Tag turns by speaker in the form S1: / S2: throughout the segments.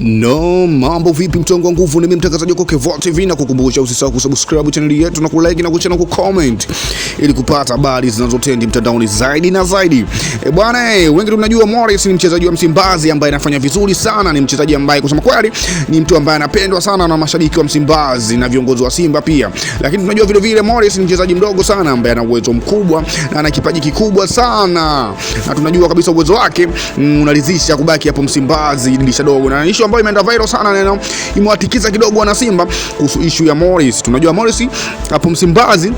S1: No, mambo vipi mtongo wa nguvu, ni mimi mtangazaji wako Kevoo TV na kukumbusha usisahau kusubscribe channel yetu na kulike na kuchana kucomment ili kupata habari zinazotendi mtandaoni zaidi na zaidi. E bwana, e, wengi tunajua Morris ni mchezaji wa Msimbazi ambaye anafanya vizuri sana, ni mchezaji ambaye kusema kweli ni mtu ambaye anapendwa sana na mashabiki wa Msimbazi na viongozi wa Simba pia. Lakini tunajua vile vile Morris ni mchezaji mdogo sana ambaye ana uwezo mkubwa na ana kipaji kikubwa sana. Na tunajua kabisa uwezo wake mm, unalizisha kubaki hapo Msimbazi dirisha dogo na ambayo imeenda viral sana na imewatikisa kidogo wana Simba kuhusu issue ya Morris. Tunajua Morris hapo Msimbazi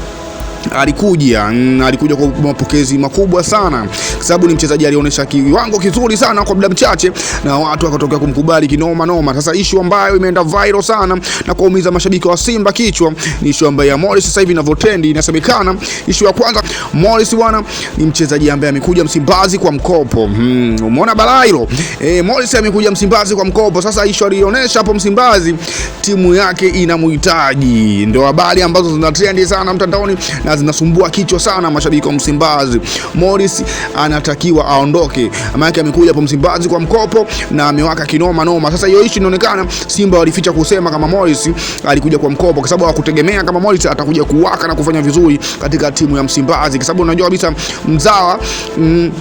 S1: alikuja mm, alikuja kwa mapokezi makubwa sana sababu ni mchezaji alionyesha kiwango kizuri sana kwa muda mchache na watu wakatokea kumkubali kinoma noma. Sasa ishu ambayo imeenda viral sana na kuumiza mashabiki wa Simba kichwa ni ishu ambayo ya Morris sasa hivi inavyotrendi. Inasemekana ishu ya kwanza, Morris bwana ni mchezaji ambaye amekuja Msimbazi kwa mkopo. Hmm, umeona balaa hilo eh? Morris amekuja Msimbazi kwa mkopo. Sasa ishu alionyesha hapo Msimbazi timu yake inamhitaji, ndio habari ambazo zina trend sana mtandaoni na zinasumbua kichwa sana mashabiki wa Msimbazi. Morris ana anatakiwa aondoke, maana amekuja hapo Msimbazi kwa mkopo na amewaka kinoma noma. Sasa hiyo issue inaonekana Simba walificha kusema kama Morris alikuja kwa mkopo, kwa sababu hawakutegemea kama Morris atakuja kuwaka na kufanya vizuri katika timu ya Msimbazi, kwa sababu unajua kabisa mzawa mm,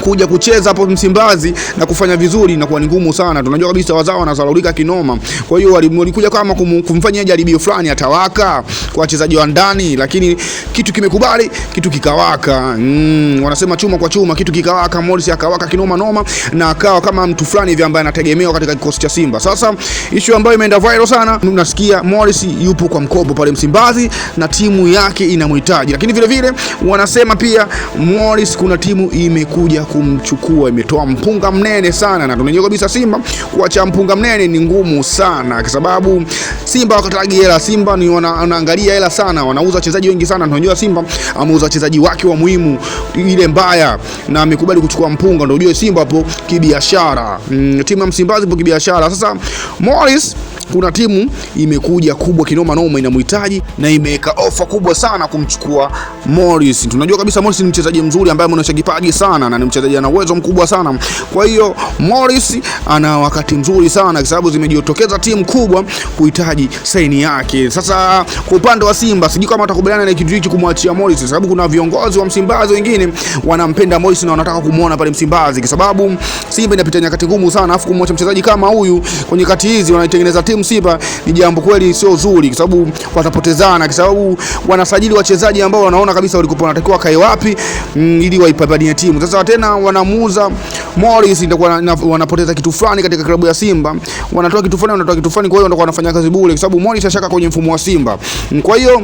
S1: kuja kucheza hapo Msimbazi na kufanya vizuri na kuwa ni ngumu sana. Tunajua kabisa wazao wanazalaulika kinoma. Kwa hiyo walikuja kama kumfanyia jaribio fulani atawaka kwa wachezaji wa ndani, lakini kitu kimekubali, kitu kikawaka. Mm, wanasema chuma kwa chuma, kitu kikawaka. Morris akawaka kinoma noma na akawa kama mtu fulani hivi ambaye anategemewa katika kikosi cha Simba. Sasa issue ambayo imeenda viral sana, unasikia Morris yupo kwa mkopo pale Msimbazi na timu yake inamhitaji, lakini vile vile wanasema pia Morris kuna timu imekuja kumchukua, imetoa mpunga mnene sana, na tunajua kabisa Simba kuacha mpunga mnene ni ngumu sana, kwa sababu Simba wakatagi hela. Simba ni wanaangalia hela sana, wanauza wachezaji wengi sana. Tunajua Simba ameuza wachezaji wake wa muhimu ile mbaya, na amekubali kuchukua mpunga. Ndio ujue Simba hapo kibiashara, mm, timu ya Msimbazi hapo kibiashara. Sasa Morris kuna timu imekuja kubwa kinoma noma, inamhitaji na imeweka ofa kubwa sana kumchukua Morris. Tunajua kabisa Morris ni mchezaji mzuri ambaye anaonyesha kipaji sana na ni mchezaji ana uwezo mkubwa sana. Kwa hiyo Morris ana wakati mzuri sana kwa sababu zimejitokeza timu kubwa kuhitaji saini yake. Sasa kwa upande wa Simba sijui kama atakubaliana na kitu hichi kumwachia Morris, kwa sababu kuna viongozi wa Msimbazi wengine wanampenda Morris na wanataka kumuona pale Msimbazi, kwa sababu Simba inapita nyakati ngumu sana, afu kumwacha mchezaji kama huyu kwenye kati hizi wanaitengeneza timu timu Simba ni jambo kweli sio zuri, kwa sababu watapotezana, kwa sababu wanasajili wachezaji ambao wanaona kabisa walikuwa wanatakiwa kae wapi, mm, ili waipambanie timu. Sasa tena wanamuuza Morris, itakuwa wanapoteza kitu fulani katika klabu ya Simba, wanatoa kitu fulani, wanatoa kitu fulani, kwa hiyo wanakuwa wanafanya kazi bure, kwa sababu Morris ashaka kwenye mfumo wa Simba, mm, kwa hiyo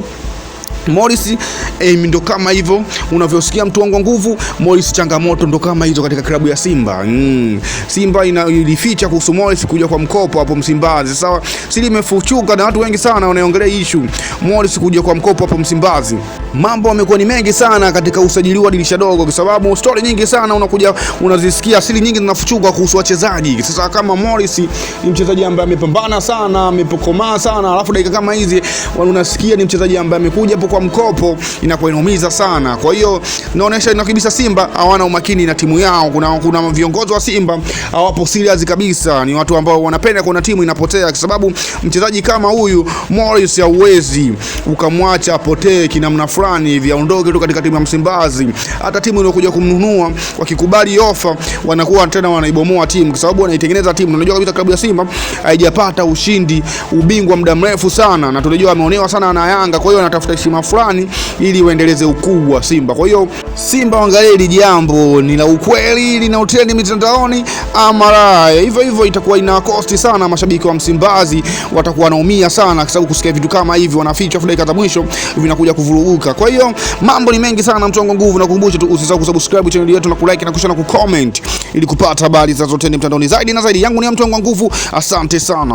S1: Morris Amy ndo kama hivyo unavyosikia mtu wangu wa nguvu. Morris changamoto ndo kama hizo katika klabu ya Simba mm. Simba ina ilificha kuhusu Morris kuja kwa mkopo hapo Msimbazi. Sawa, siri imefuchuka na watu wengi sana wanaongelea issue Morris kuja kwa mkopo hapo Msimbazi. Mambo yamekuwa ni mengi sana katika usajili wa dirisha dogo, kwa sababu story nyingi sana unakuja unazisikia, siri nyingi zinafuchuka kuhusu wachezaji. Sasa kama Morris ni mchezaji ambaye amepambana sana, amepokomaa sana, alafu dakika kama hizi unasikia ni mchezaji ambaye amekuja hapo kwa mkopo inakuwa inaumiza sana. Kwa hiyo naonesha na kabisa Simba hawana umakini na timu yao. Kuna, kuna viongozi wa Simba hawapo serious kabisa, ni watu ambao wanapenda kuona timu inapotea, kwa sababu mchezaji kama huyu Morris hauwezi ukamwacha apotee kinamna fulani hivi, aondoke tu katika timu ya Msimbazi. Hata timu iliyokuja kumnunua wakikubali ofa, wanakuwa tena wanaibomoa timu, kwa sababu wanaitengeneza timu. Unajua kabisa klabu ya Simba haijapata ushindi ubingwa muda mrefu sana, na tunajua ameonewa sana na Yanga, kwa hiyo anatafuta heshima fulani ili ili waendeleze ukuu wa Simba. Kwa hiyo Simba waangalie hili jambo, ni la ukweli, lina utrend mitandaoni ama la hivyo hivyo, itakuwa ina kosti sana. Mashabiki wa Msimbazi watakuwa wanaumia sana, kwa sababu kusikia vitu kama hivi wanaficha, afu dakika za mwisho vinakuja kuvuruguka. Kwa hiyo mambo ni mengi sana, mtongo nguvu. Nakukumbusha tu usisahau kusubscribe channel yetu na kulike na kushare na kucomment ili kupata habari za zote mtandaoni zaidi na zaidi. Yangu ni mtongo nguvu, asante sana.